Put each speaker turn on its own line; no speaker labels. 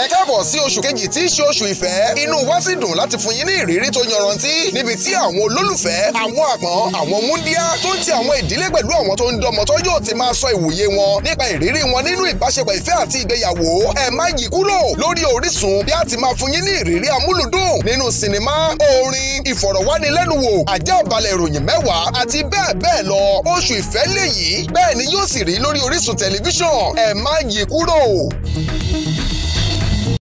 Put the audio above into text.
ẹ káàbọ̀ sí oṣù kejì tí í ṣe oṣù ìfẹ́ inú wa sì dùn láti fún yín ní ìrírí tó yanrantí níbi tí àwọn olólùfẹ́ àwọn àpọ́n àwọn múndíá tó ń
ti àwọn ìdílé pẹ̀lú àwọn
tó ń dọmọ tó yóò ti máa sọ ìwòye wọn nípa ìrírí wọn nínú ìbáṣepọ̀ ìfẹ́ àti ìgbéyàwó ẹ má yí kúrò lórí Orísun bí a ti máa fún yín ní ìrírí amúlùdùn nínú sinimá orin ìfọ̀rọ̀wánilẹ́nuwò àjàbálẹ̀ ìròyìn mẹ́wàá